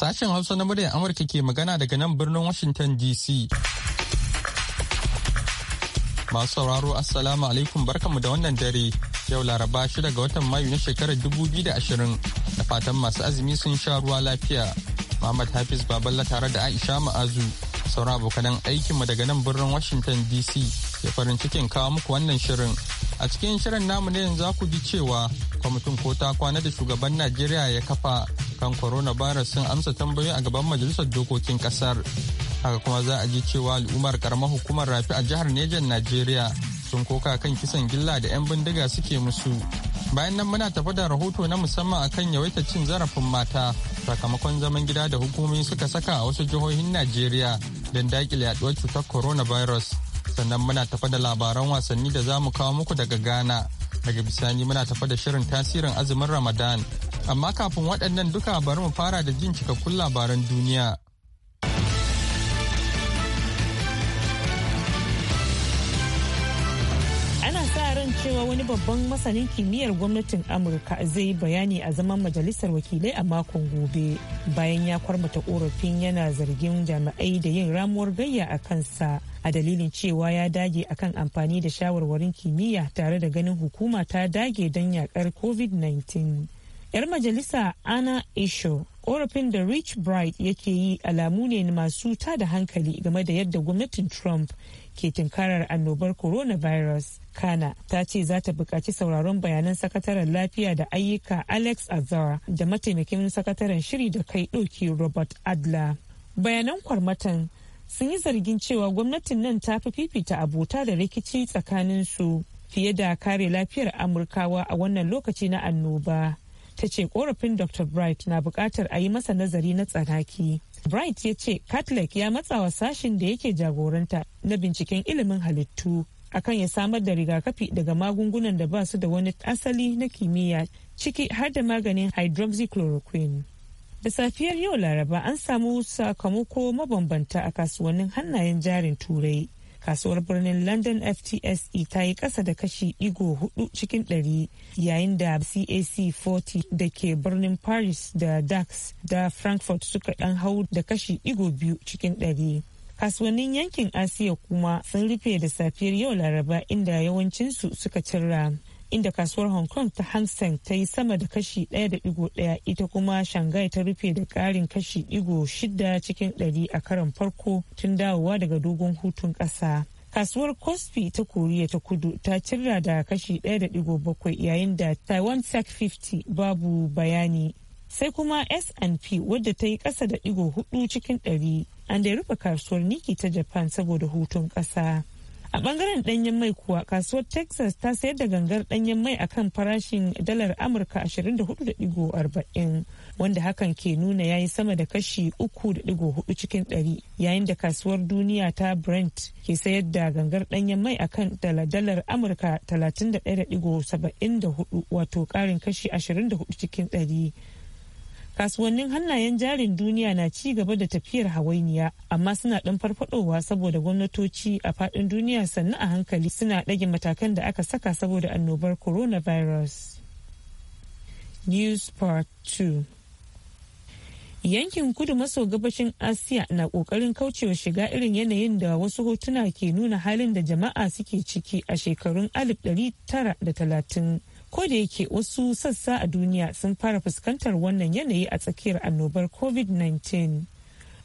Sashen Hausa na muryar Amurka ke magana daga nan birnin Washington DC. Masu sauraro Assalamu alaikum barkanmu da wannan dare. Yau Laraba shida ga watan Mayu na shekarar 2020 da fatan masu azumi sun sha ruwa lafiya. Muhammad Hafiz Baballa tare da Aisha Ma'azu sauran abokanan aikinmu daga nan birnin washington dc ya farin cikin kawo muku wannan shirin a cikin shirin namu ne yanzu ku ji cewa kwamitin ko ta kwana da shugaban najeriya ya kafa kan coronavirus sun amsa tambayoyi a gaban majalisar dokokin kasar haka kuma za a ji cewa al'ummar karamar hukumar rafi a jihar nejan najeriya sun koka kan kisan gilla da 'yan bindiga suke musu bayan nan muna tafi da rahoto na musamman akan yawaitar cin zarafin mata sakamakon zaman gida da hukumomi suka saka a wasu jihohin najeriya don dakile yaduwar cutar coronavirus sannan muna tafi da labaran wasanni da za mu kawo muku daga ghana daga bisani muna tafi da shirin tasirin azumin ramadan amma kafin waɗannan duka bari mu fara da jin cikakkun labaran duniya kan cewa wani babban masanin kimiyyar gwamnatin amurka zai yi bayani a zaman majalisar wakilai a makon gobe bayan ya kwarmata korafin yana zargin jami'ai da yin ramuwar gayya a kansa a dalilin cewa ya dage akan amfani da shawarwarin kimiyya tare da ganin hukuma ta dage don yakar covid-19 yar majalisa ana isho korafin da rich bright yake yi alamu ne masu ta da hankali game da yadda gwamnatin trump ke tunkarar annobar coronavirus kana ta ce za ta buƙaci sauraron bayanan sakataren lafiya da ayyuka alex azar da mataimakin sakataren shiri da kai ɗauki robert adler bayanan kwarmatan sun yi zargin cewa gwamnatin nan ta fi fifita abota da rikici tsakanin su fiye da kare lafiyar amurkawa a wannan lokaci na annoba ta ce korafin dr bright na bukatar a yi masa nazari na tsanaki bright ya ce catholic ya matsawa sashin da yake jagoranta na binciken ilimin halittu akan ya samar da rigakafi daga magungunan da ba su da wani asali na kimiyya ciki har da maganin hydroxychloroquine da safiyar yau laraba an samu sakamako mabambanta a kasuwannin hannayen jarin turai kasuwar birnin london ftse ta yi kasa da kashi digo hudu cikin dari yayin da cac 40 da ke birnin paris da dax da frankfurt suka dan hau da kashi digo biyu cikin dari kasuwannin yankin asiya kuma sun rufe da safiyar yau laraba inda yawancinsu suka cira. inda kasuwar hong kong ta hansen ta yi sama da kashi da ɗaya ɗigo ɗaya ita kuma shanghai ta rufe da ƙarin kashi ɗigo shida cikin ɗari a karon farko tun dawowa daga dogon hutun ƙasa kasuwar kospi ta koriya ta kudu ta cirra da kashi da ɗaya bakwai yayin da taiwan sac 50 babu bayani sai kuma S&P wadda ta yi ƙasa da ɗigo hudu cikin ɗari an da rufe kasuwar niki ta Japan saboda hutun ƙasa. a bangaren danyen mai kuwa kasuwar texas ta sayar da gangar danyen mai akan farashin dalar amurka 24.40 wanda hakan ke nuna yayi sama da kashi 3.4 cikin 100 yayin da kasuwar duniya ta brent ke sayar da gangar danyen mai akan dalar amurka 31.74 wato karin kashi 24 cikin kasuwannin hannayen jarin duniya na ci gaba da tafiyar hawainiya amma suna dan farfadowa saboda gwamnatoci a fadin duniya sannu a hankali suna ɗage matakan da aka saka saboda annobar coronavirus news part 2 yankin kudu maso gabashin asiya na ƙoƙarin kaucewa shiga irin yanayin da wasu hotuna ke nuna halin da jama'a suke ciki a shekarun 1930 ko da yake wasu sassa a duniya sun fara fuskantar wannan yanayi a tsakiyar annobar covid-19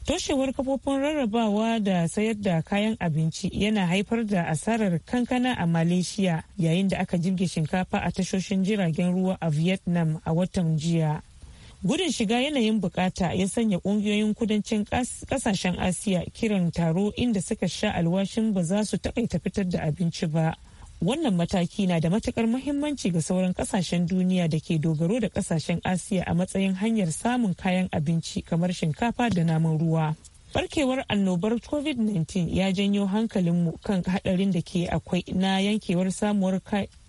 toshewar kafofin rarrabawa da sayar da kayan abinci yana haifar da asarar kankana a malaysia yayin da aka jirge shinkafa a tashoshin jiragen ruwa a vietnam a watan jiya gudun shiga yanayin bukata ya sanya kungiyoyin kudancin kasashen asiya kiran taro inda suka sha alwashin ba za su takaita fitar da abinci ba wannan mataki na da matukar muhimmanci ga sauran kasashen duniya da ke dogaro da kasashen asiya a matsayin hanyar samun kayan abinci kamar shinkafa da naman ruwa barkewar annobar covid-19 ya janyo hankalinmu kan hadarin da ke akwai na yankewar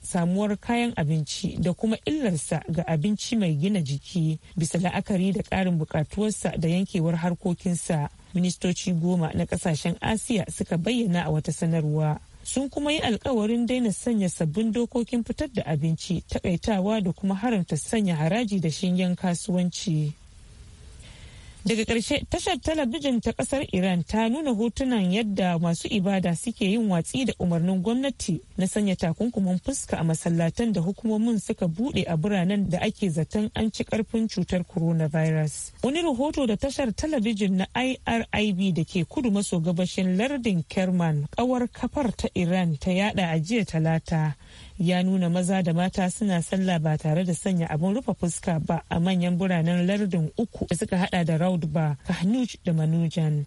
samuwar kayan abinci da kuma illarsa ga abinci mai gina jiki bisa la'akari da ƙarin bukatuwarsa da yankewar harkokinsa ministoci goma na kasashen asiya suka bayyana a wata sanarwa sun kuma yi alkawarin daina sanya sabbin dokokin fitar da abinci takaitawa da kuma haramta sanya haraji da shingen kasuwanci. daga ƙarshe tashar talabijin ta ƙasar iran ta nuna hotunan yadda masu ibada suke yin watsi da umarnin gwamnati na sanya takunkuman fuska a masallatan da hukumomin suka buɗe a biranen da ake zaton an ci ƙarfin cutar coronavirus wani rahoto da tashar talabijin na irib da ke kudu maso gabashin lardin kerman kawar kafar ta iran ta yada a jiya talata ya nuna maza da mata suna sallah ba tare da sanya abin rufe fuska ba a manyan biranen lardin uku da suka hada da raud ba da manujan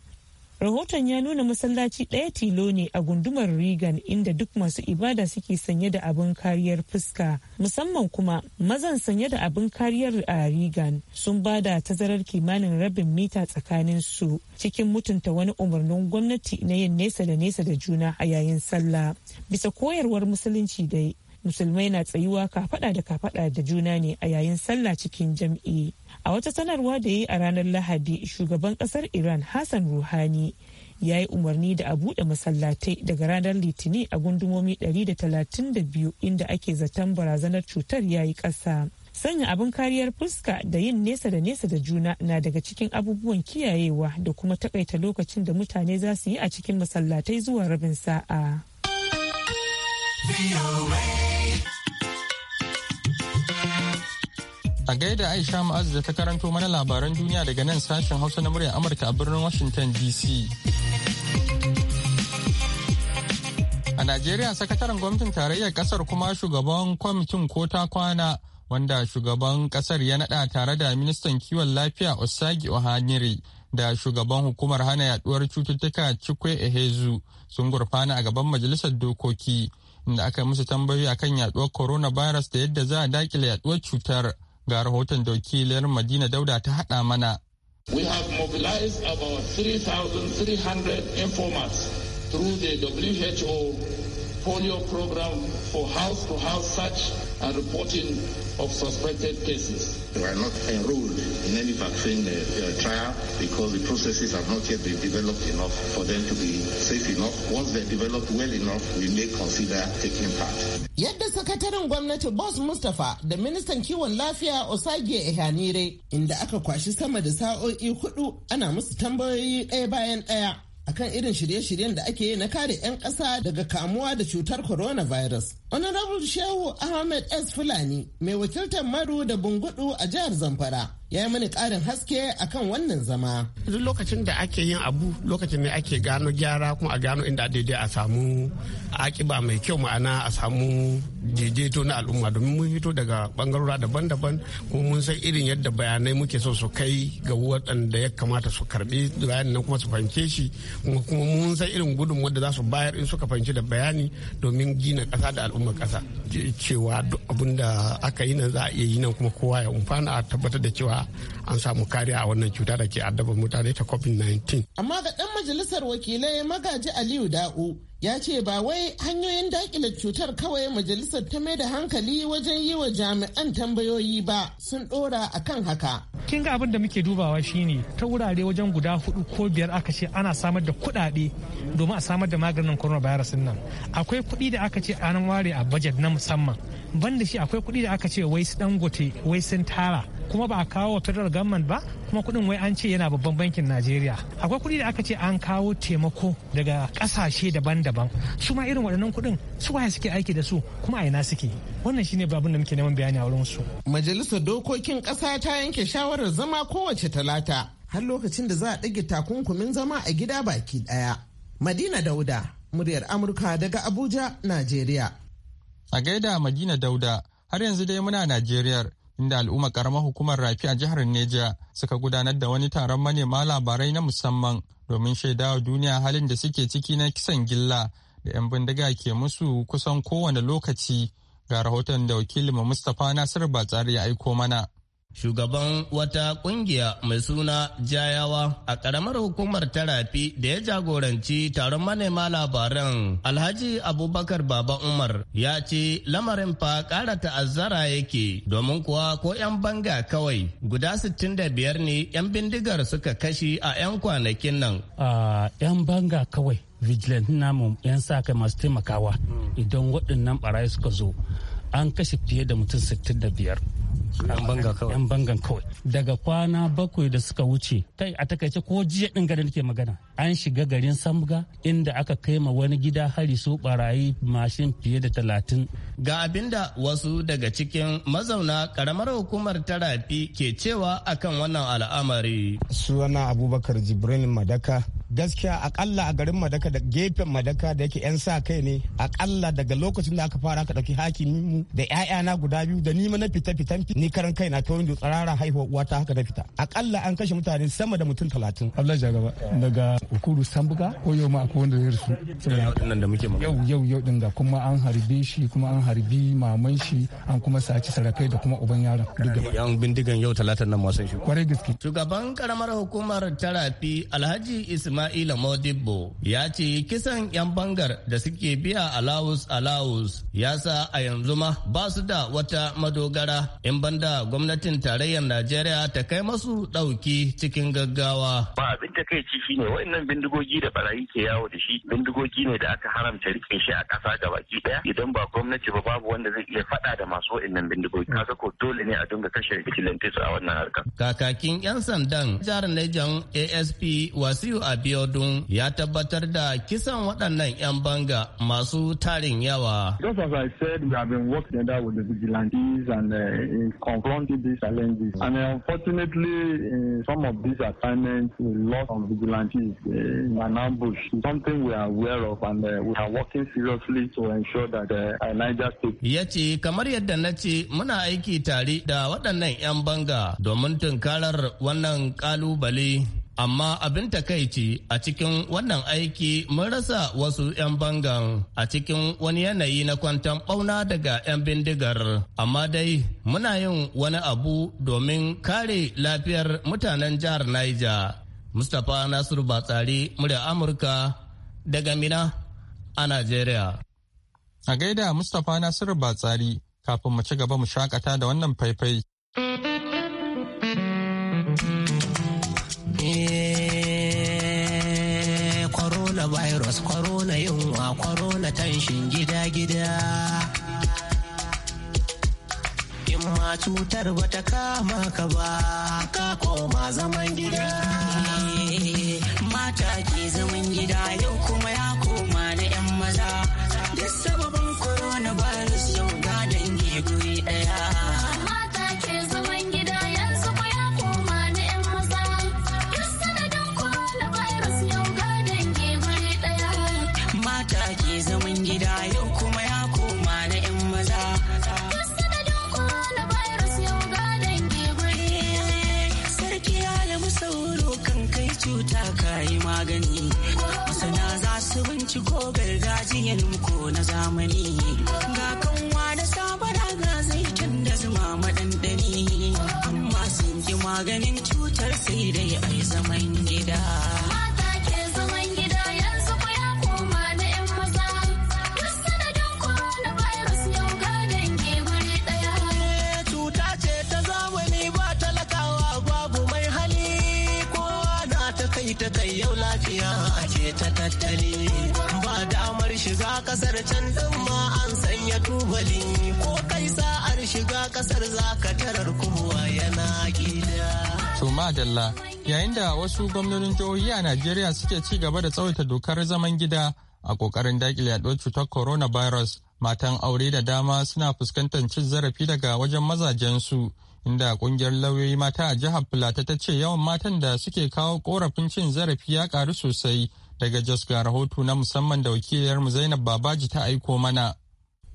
rahoton ya nuna masallaci ɗaya tilo ne a gundumar reagan inda duk masu ibada suke sanye da abin kariyar fuska musamman kuma mazan sanye da abin kariyar a reagan sun ba da tazarar kimanin rabin mita tsakanin su cikin mutunta wani umarnin gwamnati na yin nesa da nesa da juna a yayin sallah bisa koyarwar musulunci dai musulmai na tsayuwa kafada da kafada da juna ne a yayin sallah cikin jam'i a wata sanarwa da yi a ranar lahadi shugaban kasar iran hassan ruhani ya yi umarni da a buɗe masallatai daga ranar litini a gundumomi 132 inda ake zaton barazanar cutar ya yi ƙasa. sanya abin kariyar fuska da yin nesa da nesa da juna na daga cikin abubuwan kiyayewa da kuma takaita lokacin da mutane za su yi a cikin masallatai zuwa rabin sa'a. A gaida Aisha Ma'az da ta karanto mana labaran duniya daga nan sashen Hausa na muryar Amurka a birnin Washington DC. A Najeriya sakataren gwamnatin tarayyar kasar kuma shugaban kwamitin ko ta kwana wanda shugaban kasar ya nada tare da ministan kiwon lafiya Osagi Ohaniri da shugaban hukumar hana yaduwar cututtuka Chikwe Ehezu sun gurfana a gaban majalisar dokoki inda aka musu tambayoyi akan yaduwar coronavirus da yadda za a dakile yaduwar cutar. Ga rahoton da wakiliyar Madina Dauda ta haɗa mana. We have mobilized about 3,300 informants through the WHO polio program for house-to-house -house search and reporting of suspected cases. They were not enrolled in any vaccine uh, uh, trial because the processes have not yet been developed enough for them to be safe enough. Once they're developed well enough, we may consider taking part. Yadda sakataren gwamnati Boss Mustapha da ministan kiwon lafiya Osagie Ehanire inda aka kwashi sama da sa'o'i hudu ana musu tambayoyi ɗaya bayan ɗaya. akan irin shirye-shiryen da ake yi na kare 'yan ƙasa daga kamuwa da cutar coronavirus Honorable Shehu Ahmed S. Fulani mai wakiltar Maru da Bungudu a jihar Zamfara ya yi mini karin haske akan wannan zama. Duk lokacin da ake yin abu lokacin ne ake gano gyara kuma a gano inda daidai a samu akiba mai kyau ma'ana a samu daidaito na al'umma domin mun hito daga bangarora daban-daban kuma mun san irin yadda bayanai muke so su kai ga waɗanda ya kamata su karɓi bayanin nan kuma su fanke shi kuma mun san irin gudun da za su bayar in suka fanci da bayani domin gina ƙasa da al'umma. al'ummar ƙasa cewa duk abin da aka yi nan za a iya yi nan kuma kowa ya umfana a tabbatar da cewa an samu kariya a wannan cuta da ke addabar mutane ta covid-19 amma ga ɗan majalisar wakilai magaji aliyu da'u ya ce ba wai hanyoyin dakile cutar kawai majalisar ta mai da hankali wajen yi wa jami'an tambayoyi ba sun dora a kan haka. kin ga abin da muke dubawa shine ta wurare wajen guda hudu ko biyar aka ce ana samar da kuɗaɗe domin a samar da maganin coronavirus nan akwai kuɗi da aka ce an ware a budget na musamman banda shi akwai kuɗi da aka ce wai su dangote wai sun tara kuma ba a kawo wa federal government ba kuma kuɗin wai an ce yana babban bankin najeriya akwai kuɗi da aka ce an kawo taimako daga ƙasashe daban-daban su ma irin waɗannan kuɗin su waye suke aiki da su kuma a ina suke wannan shine babin da muke neman bayani a wurin su majalisar dokokin ƙasa ta yanke shawarar zama kowace talata har lokacin da za a ɗage takunkumin zama a gida baki ɗaya madina dauda muryar amurka daga abuja najeriya A gaida Madina Dauda har yanzu dai muna Najeriya inda al'umma karamar hukumar rafi a jihar Neja suka gudanar da wani taron manema labarai na musamman domin shaidawa duniya halin da suke ciki na kisan gilla da 'yan bindiga ke musu kusan kowane lokaci ga rahoton da wakilinmu Mustapha Nasiru Batsari ya aiko mana. Shugaban wata kungiya mai suna Jayawa a ƙaramar hukumar tarafi da ya jagoranci taron manema labaran Alhaji Abubakar Baba Umar ya ce lamarin fa ƙara ta'azzara yake domin kuwa ko 'yan banga kawai guda 65 ne 'yan bindigar suka kashi a 'yan kwanakin nan. Uh, 'yan banga kawai vigilant namu 'yan sa kai masu taimakawa hmm. idan waɗannan barayi suka zo an kashe fiye da mutum 65. yan banga kawai bangan kawai daga kwana bakwai da suka wuce kai a takaice ko jiya din garin nake magana an shiga garin samga inda aka kai ma wani gida hari su barayi mashin fiye da talatin ga abinda wasu daga cikin mazauna karamar hukumar tarafi ke cewa akan wannan al'amari suna abubakar jibrin madaka gaskiya akalla a garin madaka da gefen madaka da yake yan sa kai ne akalla daga lokacin da aka fara aka dauki hakimin mu da ƴaƴana guda biyu da ni ma na fita fitan ni karan kaina ta wani tsarara haihuwa uwata haka na fita akalla an kashe mutane sama da mutum talatin. Allah ya gaba daga ukuru sambuga ko yau ma akwai wanda ya rasu. da muke Yau yau yau din da kuma an harbe shi kuma an harbi maman shi an kuma saci sarakai da kuma uban yaron. Yan bindigan yau talatan nan masu shi. Kwarai gaske. Shugaban karamar hukumar tarafi Alhaji Ismail Ismaila Modibbo ya ce kisan 'yan bangar da suke biya alawus alawus ya sa a yanzu ma ba su da wata madogara in banda gwamnatin tarayyar Najeriya ta kai masu ɗauki cikin gaggawa. Ba abin ta kai shi ne wa'annan bindigogi da barayi ke yawo da shi bindigogi ne da aka haramta rike shi a ƙasa ga baki ɗaya idan ba gwamnati ba babu wanda zai iya faɗa da masu wa'annan bindigogi hmm. ka ko dole ne a dinga kashe rikicin su a wannan harkar. Kakakin 'yan sandan jihar Niger ASP Wasiu Abi Abiodun ya tabbatar da kisan waɗannan 'yan banga masu tarin yawa. Just as I said, we have been working together with the vigilantes and uh, in confronting these challenges. And uh, unfortunately, in some of these assignments, we lost some vigilantes uh, in an ambush. Something we are aware of and uh, we are working seriously to ensure that uh, Niger State. Ya ce, kamar yadda na ce, muna aiki tare da waɗannan 'yan banga domin tunkarar wannan ƙalubale amma abin takaici a cikin wannan aiki mun rasa wasu 'yan bangan a cikin wani yanayi na kwantan bauna daga 'yan bindigar amma dai muna yin wani abu domin kare lafiyar mutanen jihar niger mustapha nasiru batsari murya amurka daga mina a nigeria a gaida mustapha nasiru batsari kafin mu ci gaba mu shakata da wannan faifai virus corona yunwa corona tanshin gida-gida in ma cutar bata kama ka ba ka koma zaman gida mata ke zaman gida yau kuma ya koma na 'yan maza cuta kayi magani masana za su binciko gargajiyar ko na zamani ga kanwa da sabara ga zai da zuma madandani amma sun ji maganin cutar sai dai ai zaman gida. tattali ba damar shiga kasar can din ma an sanya tubali ko kai sa'ar shiga kasar zaka tarar kuma yana gida to madalla yayin da wasu gwamnonin jihohi a Najeriya suke ci gaba da tsawaita dokar zaman gida a kokarin dakile yaduwar cutar coronavirus matan aure da dama suna fuskantar cin zarafi daga wajen mazajensu inda kungiyar lauyoyi mata a jihar plateau ta ce yawan matan da suke kawo korafin cin zarafi ya karu sosai Daga Jos ga rahoto na musamman da wakiliyarmu Zainab Babaji ta aiko mana.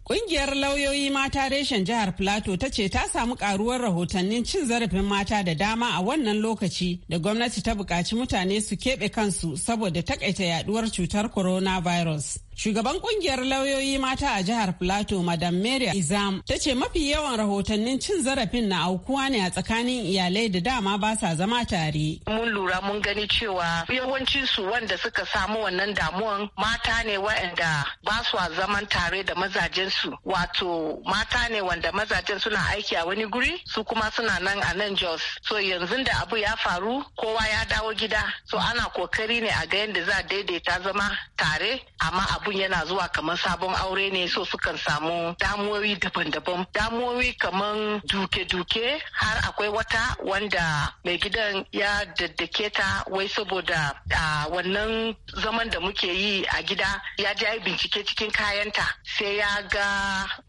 Ƙungiyar lauyoyi mata reshen jihar Plateau ta ce ta samu ƙaruwar rahotannin cin zarafin mata da dama a wannan lokaci da gwamnati ta buƙaci mutane su keɓe kansu saboda takaita yaduwar cutar coronavirus. Shugaban kungiyar lauyoyi mata a jihar Plateau, Madam Mary Izam, ta ce mafi yawan rahotannin cin zarafin na aukuwa ne a tsakanin iyalai da dama ba sa zama tare. Mun lura mun gani cewa yawancin su wanda suka samu wannan damuwan mata ne waɗanda ba su zaman tare da mazajen su. Wato mata ne wanda mazajen suna aiki a wani guri su kuma suna nan a nan Jos. So yanzu da abu ya faru kowa ya dawo gida. So ana kokari ne a ga yadda za daidaita zama tare amma abu abun yana zuwa kamar sabon aure ne so sukan samu damuwoyi daban-daban damuwoyi kamar duke-duke har akwai wata wanda mai gidan ya daddake ta wai saboda a wannan zaman da muke yi a gida ya ji bincike cikin kayanta sai ya ga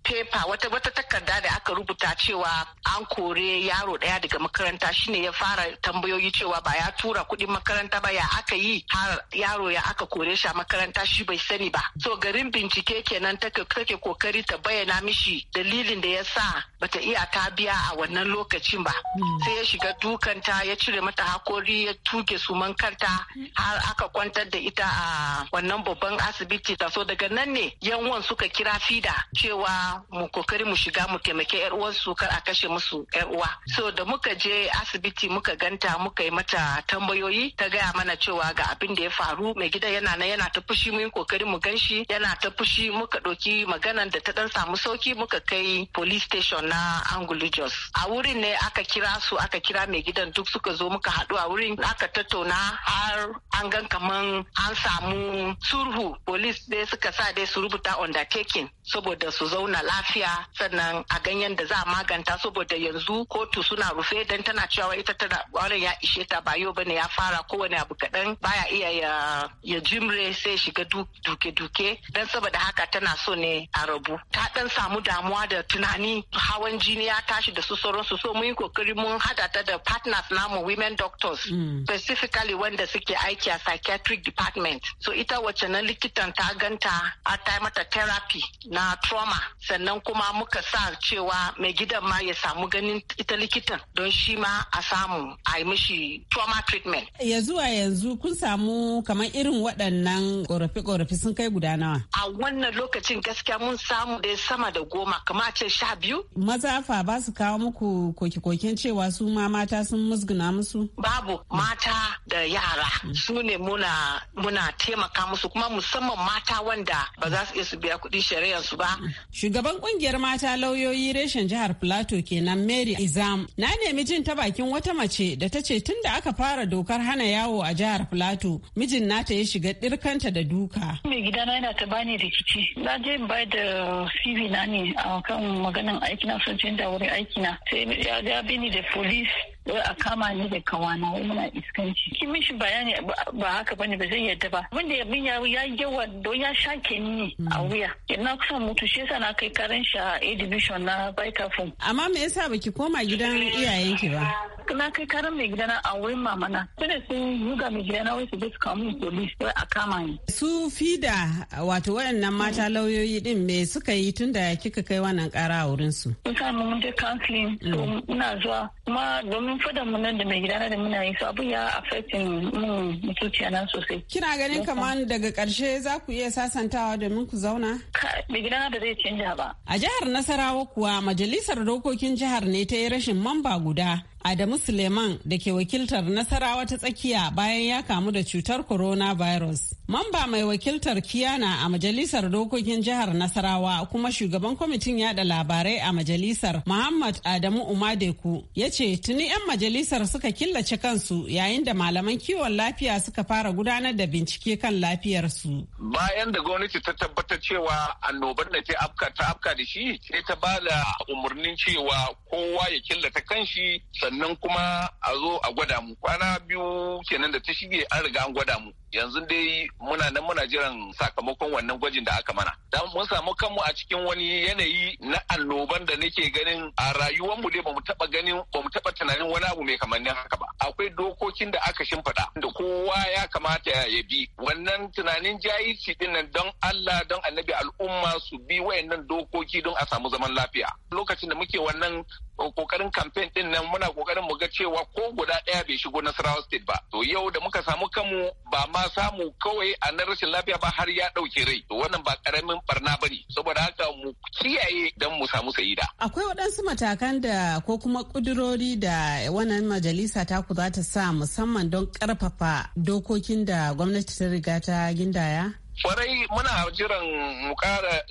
paper wata wata takarda da aka rubuta cewa an kore yaro daya daga makaranta shine ya fara tambayoyi cewa ba ya tura kuɗin makaranta ba ya aka yi har yaro ya aka kore shi a makaranta shi bai sani ba so garin bincike kenan take take kokari ta bayyana mishi dalilin da ya sa bata iya ta biya a wannan lokacin ba hmm. sai ya shiga dukanta ya cire mata hakori ya tuke suman kanta har aka kwantar da ita a wannan babban asibiti ta so daga nan ne yan suka kira fida cewa mu kokari mu shiga mu taimake yar uwansu kar a kashe musu yar uwa so da muka je asibiti muka ganta muka yi mata tambayoyi ta gaya mana cewa ga abin da ya faru mai gida yana nan yana ta fushi mu yi kokari mu ganshi yana ta fushi muka ɗauki maganan da ta dan samu sauki muka kai police station na angulijos a wurin ne aka kira su aka kira mai gidan duk suka zo muka haɗu a wurin aka tattauna har an gan kaman an samu sulhu police dai suka sa dai su rubuta undertaking saboda su zauna lafiya sannan a ganyen da za a maganta saboda yanzu kotu suna rufe don tana cewa ita tana wani ya ishe ta ba yau bane ya fara kowane abu kaɗan baya iya ya, ya jimre sai shiga duke-duke don saboda haka tana so ne a rabu ta ɗan samu damuwa da tunani hawan jini ya tashi da su sauransu so mun yi kokari mun hada ta da partners namu women doctors mm. specifically wanda suke aiki a psychiatric department so ita wacce na likitan ta ganta a ta mata therapy na trauma sannan kuma muka sa cewa mai gidan ma ya samu ganin ita likitan don shi ma a samu a yi mishi trauma treatment. Ya zuwa yanzu kun samu kamar irin waɗannan ƙorafi-ƙorafi sun kai guda nawa? A wannan lokacin gaskiya mun samu dai sama da goma kamar ce sha biyu. Maza fa ba su kawo muku koke-koken cewa su ma mata sun musguna musu? Babu mata da yara Sune mm. su ne muna muna taimaka musu kuma musamman mata wanda ba za su iya su biya kuɗi shari'ar su ba. Mm. Shugaba Shugaban kungiyar mata lauyoyi reshen jihar Plateau kenan Mary Izam. Na nemi jin ta bakin wata mace da ta ce tun da aka fara dokar hana yawo a jihar Plateau mijin nata ya shiga dirkanta da duka. Mai gidana yana ta bani rikici. Na je in da CV na ne a kan maganan aiki na canza wurin aiki Sai ya da police wai a kama ni da kawana wai muna iskanci. Kin mishi bayani ba haka bane ba zai yadda ba. Wanda ya bin ya yawa don ya shake ni a hmm. wuya. Na kusa mutu shi yasa na kai shekarun sha a education na bai Amma me yasa baki koma gidan iyayenki ba? na kai karin mai gidana a wurin mamana su da sun yuga mai gidana wai su suka mun polis sai a kama ni. su fida wato waɗannan mata mm. lauyoyi din me suka yi tun da kika kai wannan kara a wurin su. mun samu mun je counseling mm. to zuwa kuma domin fada mu nan da mai gidana da muna yi sabu abu ya affecting mun zuciya na sosai. kina ganin kamar daga ƙarshe za ku iya sasantawa domin ku zauna. mai gidana da zai canja ba. a jihar nasarawa kuwa majalisar dokokin jihar ne ta yi rashin mamba guda Adamu Suleiman da ke wakiltar Nasarawa ta tsakiya bayan ya kamu da cutar coronavirus. Mamba mai wakiltar Kiyana a Majalisar Dokokin Jihar Nasarawa kuma shugaban kwamitin yada labarai a Majalisar Muhammad Adamu Umadeku ya ce tuni 'yan majalisar suka killace kansu yayin da malaman kiwon lafiya suka fara gudanar da bincike kan lafiyarsu. Bayan da gwamnati ta tabbatar cewa annobar da ta afka ta afka da shi sai ta ba da umarnin cewa kowa ya killata kanshi sannan kuma a zo a gwada mu kwana biyu kenan da ta shige an riga an gwada mu yanzu dai muna nan muna jiran sakamakon wannan gwajin da aka mana Da mun samu kanmu a cikin wani yanayi na annoban da nake ganin a rayuwar mu dai bamu taba ganin bamu taba tunanin wani abu mai kamannin haka ba akwai dokokin da aka shimfiɗa da kowa ya kamata ya bi wannan tunanin jahilci din nan don Allah don annabi al'umma su bi wayannan dokoki don a samu zaman lafiya lokacin da muke wannan kokarin kamfen din nan muna kokarin mu ga cewa ko guda ɗaya bai shigo Nasarawa State ba. To yau da muka samu kanmu ba ma samu kawai a na rashin lafiya ba har ya ɗauke rai. To wannan ba karamin barna ba ne. Saboda haka mu kiyaye don mu samu sayida. Akwai waɗansu matakan da ko kuma ƙudurori da wannan majalisa ta ku za ta sa musamman don ƙarfafa dokokin da gwamnati ta riga ta gindaya? kwarai muna jiran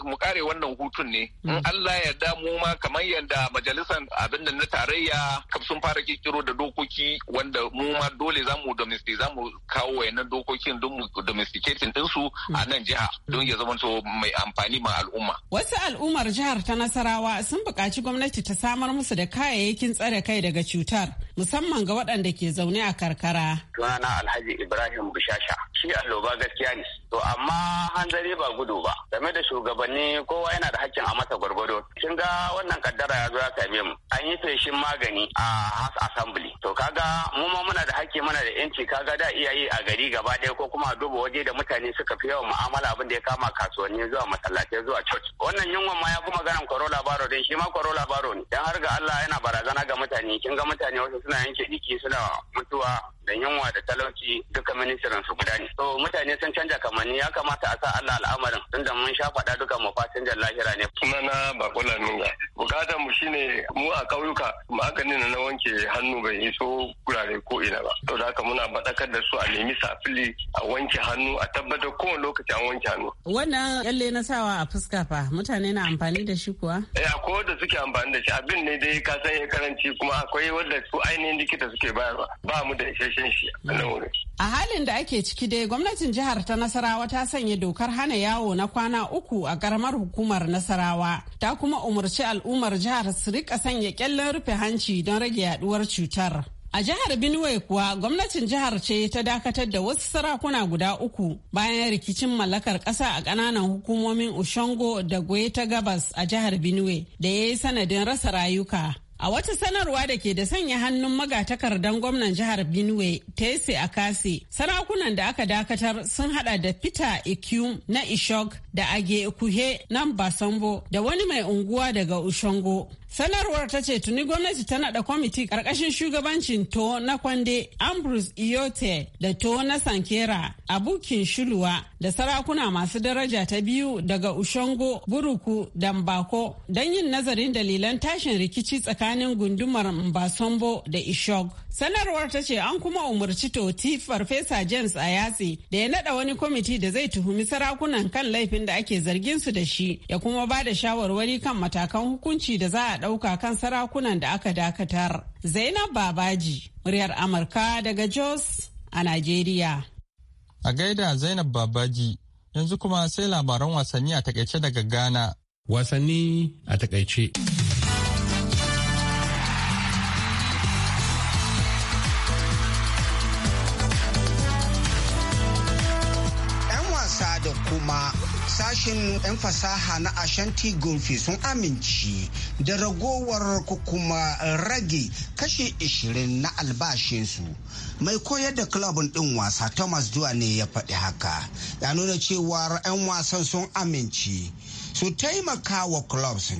mu kare wannan hutun ne in mm. Allah ya da mu ma kamar yadda majalisar abin da na tarayya sun fara kirkiro da dokoki wanda mu ma dole za mu za mu kawo wayannan dokokin don mu domesticating su a mm. nan jiha don ya zama mai amfani ma al'umma wasu al'ummar jihar ta Nasarawa sun buƙaci gwamnati ta samar musu da kayayyakin tsare kai daga cutar musamman ga waɗanda ke zaune a karkara sunana Alhaji Ibrahim Bushasha shi alloba gaskiya ne to amma hanzari ba gudu ba game da shugabanni kowa yana da hakkin a masa gwargwado kin ga wannan kaddara ya zo ya same mu an yi feshin magani a house assembly to kaga mu ma muna da hakki muna da yanci kaga da iyaye a gari gaba ɗaya ko kuma a duba waje da mutane suka fi yawan mu'amala abin da ya kama kasuwanni zuwa masallatai zuwa church wannan yunwan ma ya fi maganan corolla baro din shi ma corolla baro ne dan har ga Allah yana barazana ga mutane kin ga mutane wasu suna yanke jiki suna mutuwa da yunwa da talauci duka ministirin su guda ne. So mutane sun canja kamanni ya kamata a sa Allah al'amarin tunda mun sha faɗa duka mu fasinjan lahira ne. Sunana Bakola Minga. bukatar mu shine mu a ƙauyuka maganin na wanke hannu bai iso gurare ko ina ba to da haka muna badakar da su a nemi safili a wanke hannu a tabbatar kowane lokaci an wanke hannu wannan yalle na sawa a fuska fa mutane na amfani da shi kuwa eh akwai wanda suke amfani da shi abin ne dai ka san karanci kuma akwai wanda su ainihin likita suke bayarwa ba mu da isasshen shi a nan a halin da ake ciki dai gwamnatin jihar ta nasarawa ta sanya dokar hana yawo na kwana uku a karamar hukumar nasarawa ta kuma umarci al'umma hukumar jihar su rika sanya kyallen rufe hanci don rage yaduwar cutar. A jihar Benue kuwa gwamnatin jihar ce ta dakatar da wasu sarakuna guda uku bayan rikicin mallakar ƙasa a ƙananan hukumomin Ushango da Goye ta Gabas a jihar Benue da ya yi sanadin rasa rayuka. A wata sanarwa da ke da sanya hannun magatakardan gwamnan jihar Benue, Tese Akase, sarakunan da aka dakatar sun hada da Peter Ikyum na Ishok da Age Kuhe na Basambo da wani mai unguwa daga Ushongo. Sanarwar ta ce tuni gwamnati ta naɗa kwamiti ƙarƙashin shugabancin to na kwande Ambrose Iyote da to na Sankera a bukin Shuluwa da sarakuna masu daraja ta biyu daga Ushongo, Buruku, Dambako don yin nazarin dalilan tashin rikici tsakanin gundumar Mbasombo da Ishog. Sanarwar ta ce an kuma umarci Toti Farfesa James Ayatsi da ya nada wani kwamiti da zai tuhumi sarakunan kan laifin da ake zargin su da shi ya kuma ba da shawarwari kan matakan hukunci da za a ɗauka kan sarakunan da aka dakatar. Zainab Babaji, muryar Amurka daga Jos a Najeriya. A gaida Zainab Babaji, yanzu kuma sai labaran wasanni a takaice daga Ghana. Wasanni a takaice. sashen 'yan fasaha na ashanti gulfi sun amince da ragowar ko kuma rage kashi 20 na albashinsu mai koyar da klabin ɗin wasa thomas duwa ne ya faɗi haka ya nuna cewa 'yan wasan sun amince su taimaka wa clubs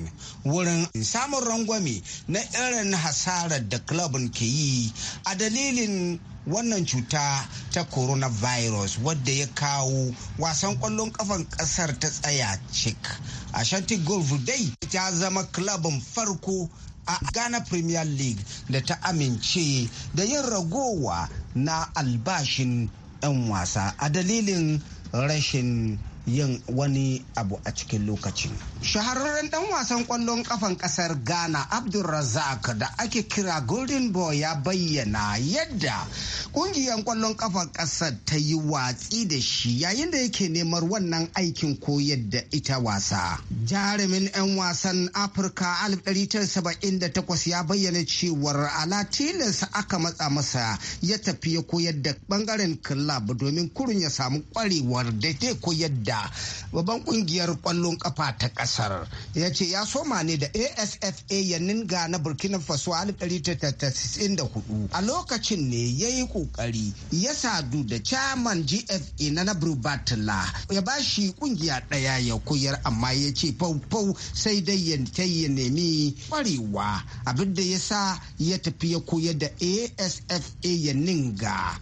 wurin samun rangwame na irin hasarar da club ke yi a dalilin wannan cuta ta coronavirus wadda ya kawo wasan kwallon kafan kasar ta tsaya cik ashanti golf dai ta zama klabin farko a ghana premier league da ta amince da yin ragowa na albashin 'yan wasa a dalilin rashin yin wani abu a cikin lokaci. shahararren dan wasan kwallon kafan kasar ghana abdulrazak da ake kira golden boy ya bayyana yadda kungiyar kwallon kafan kasar ta yi watsi da shi yayin da yake neman wannan aikin koyar da ita wasa jarumin 'yan wasan afirka 1978 ya bayyana cewar alatilas aka matsa masa ya tafi ya koyar da bangaren club domin kurun ya samu kwarewar da zai koyar da Nigeria babban kungiyar kwallon kafa ta kasar ya ce ya soma ne da ASFA ya ninga na Burkina Faso a 1994 a lokacin ne ya yi kokari ya sadu da chairman GFA na Nabru Batla ya ba shi kungiya daya ya koyar amma ya ce fau-fau sai dai ya nemi kwarewa abinda ya sa ya tafi ya koyar da ASFA ya ninga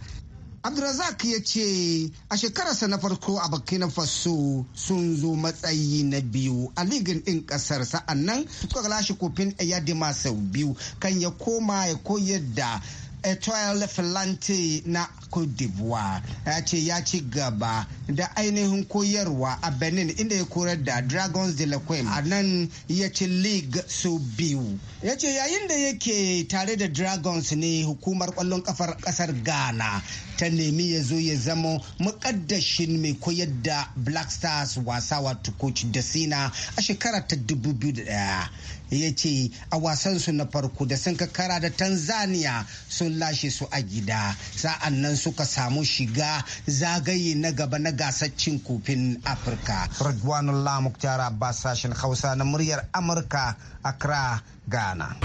Abdulrazak ya ce a shekararsa na farko a Burkina Faso sun zo matsayi na biyu a ligin ɗin ƙasar sa'annan suka lashe kofin dima sau biyu kan ya koma ya koyar da etoile eh, filante na cote d'ivoire ya ce ya ci gaba da ainihin koyarwa a benin inda ya koyar da dragons de la a nan ya ci league su biyu ya ce yayin da yake tare da dragons ne hukumar kwallon kafar kasar ghana ta nemi ya zo ya zama mukaddashin mai koyar da black stars wasa wato coach da sina a shekarar ta 2001 ya ce a wasan su na farko da sun kakara da tanzania sun lashe su a gida sa'an nan suka samu shiga zagaye na gaba na gasar cin kofin afirka lamuk muktar ba sashen hausa na muryar amurka accra ghana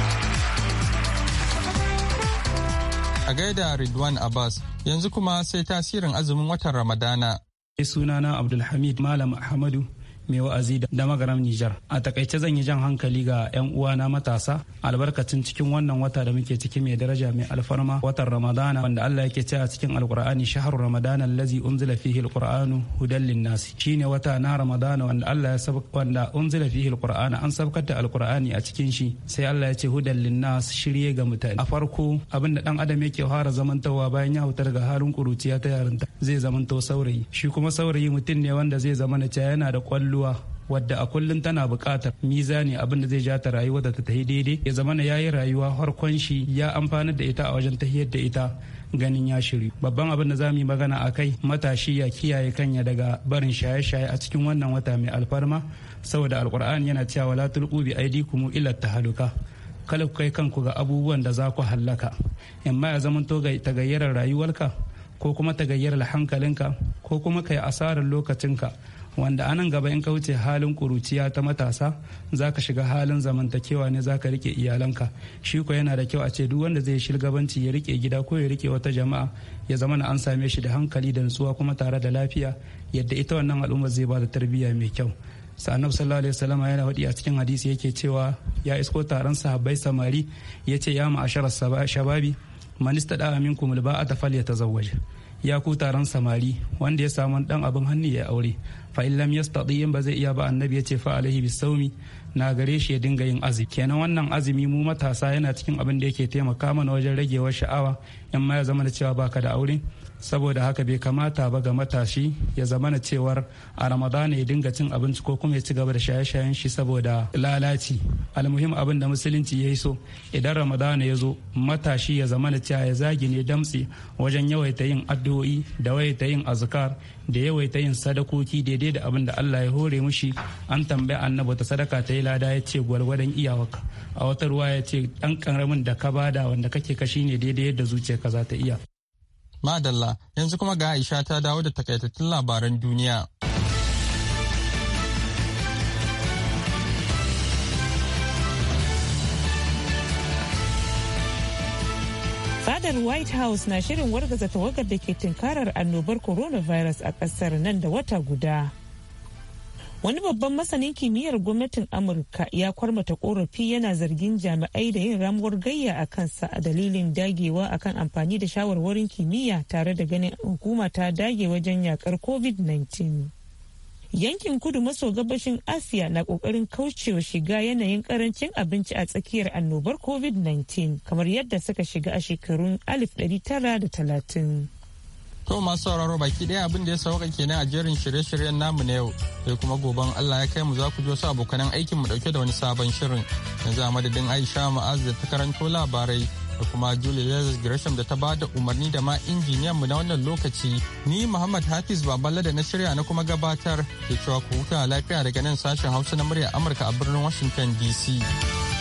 a gaida ridwan abbas yanzu kuma sai tasirin azumin watan ramadana sunana abdulhamid malam ahmadu mai wa'azi da magaram Nijar. A takaice zan yi jan hankali ga 'yan uwana matasa albarkacin cikin wannan wata da muke ciki mai daraja mai alfarma watan Ramadana wanda Allah yake cewa cikin Alkur'ani shahar Ramadana lazi unzila fihi alqur'anu hudan linnasi shine wata na Ramadana wanda Allah ya sabaka wanda unzila fihi alqur'ana an sabkata alkur'ani a cikin shi sai Allah ya ce hudan linnas shirye ga mutane. A farko abin da dan adam yake fara zamantawa bayan ya hutar ga halin kuruciya ta yarinta zai zamanto saurayi shi kuma saurayi mutum ne wanda zai zamana cewa yana da kwallo rayuwa wadda a kullum tana buƙatar mizani abin da zai ja ta rayuwa da ta tafi daidai ya zama na yayi rayuwa harkon shi ya amfanar da ita a wajen tahiyar da ita ganin ya shiri babban abin da zamu yi magana a kai matashi ya kiyaye kanya daga barin shaye-shaye a cikin wannan wata mai alfarma saboda alkur'ani yana cewa wala tulqu bi aidikum ila tahaluka kala ku kai kanku ga abubuwan da za ku hallaka amma ya zama to ga tagayyarar rayuwarka ko kuma tagayyarar hankalinka ko kuma kai asarar lokacinka wanda anan gaba in ka wuce halin kuruciya ta matasa za ka shiga halin zamantakewa ne za ka rike iyalanka shi ko yana da kyau a ce duk wanda zai shilgabanci ya rike gida ko ya rike wata jama'a ya zama na an same shi da hankali da nutsuwa kuma tare da lafiya yadda ita wannan al'umma zai ba da tarbiyya mai kyau sa'annabi sallallahu alaihi wasallam yana faɗi a cikin hadisi yake cewa ya isko taron sahabbai samari ya ce ya ma'ashara shababi manista da aminkum ta falyatazawwaj ya ku taron samari wanda ya samu dan abin hannu ya aure fa in lam yastati in ba zai iya ba annabi ya ce fa alaihi bisawmi na gare shi ya dinga yin azumi kenan wannan azumi mu matasa yana cikin abin da yake taimaka mana wajen ragewar sha'awa in ma ya zama da cewa baka da aure saboda haka bai kamata ba ga matashi ya zamana cewar a ramadana ya dinga cin abinci ko kuma ya ci gaba da shaye-shayen shi saboda lalaci almuhim abin da musulunci ya yi so idan ramadana ya zo matashi ya zamana cewa ya zagi ne damtsi wajen yawaita yin addu'o'i da yawaita yin azkar da yawaita yin sadakoki daidai da abin da Allah ya hore mushi an tambayi annabi ta sadaka ta yi lada ya ce gwargwadon iyawaka a wata ruwa ya ce dan karamin da ka bada wanda kake kashi ne daidai yadda zuciyarka za ta iya Madalla yanzu kuma ga Aisha ta dawo da takaitattun labaran duniya. Fadar White House na shirin wargaza tawagar da ke tunkarar annobar coronavirus a ƙasar nan da wata guda. wani babban masanin kimiyyar gwamnatin amurka ya kwarmata korafi yana zargin jami'ai da yin ramuwar gayya a kansa a dalilin dagewa akan amfani da shawarwarin kimiyya tare da ganin hukuma ta dage wajen yakar covid-19 yankin kudu maso gabashin asiya na kokarin kaucewa shiga yanayin karancin abinci a tsakiyar annobar covid-19 kamar yadda suka shiga a shekarun 1930 To masu sauraro baki ɗaya abin da ya sauka kenan a jerin shirye-shiryen namu na yau sai kuma goben Allah ya kai mu za ku ji wasu abokanan aikin mu dauke da wani sabon shirin yanzu a madadin Aisha Ma'az da ta karanto labarai da kuma Julie Lazarus Gresham da ta ba da umarni da ma injiniyan mu na wannan lokaci ni Muhammad Hafiz Baballa da na shirya na kuma gabatar ke cewa ku huta lafiya daga nan sashen Hausa na murya Amurka a birnin Washington DC.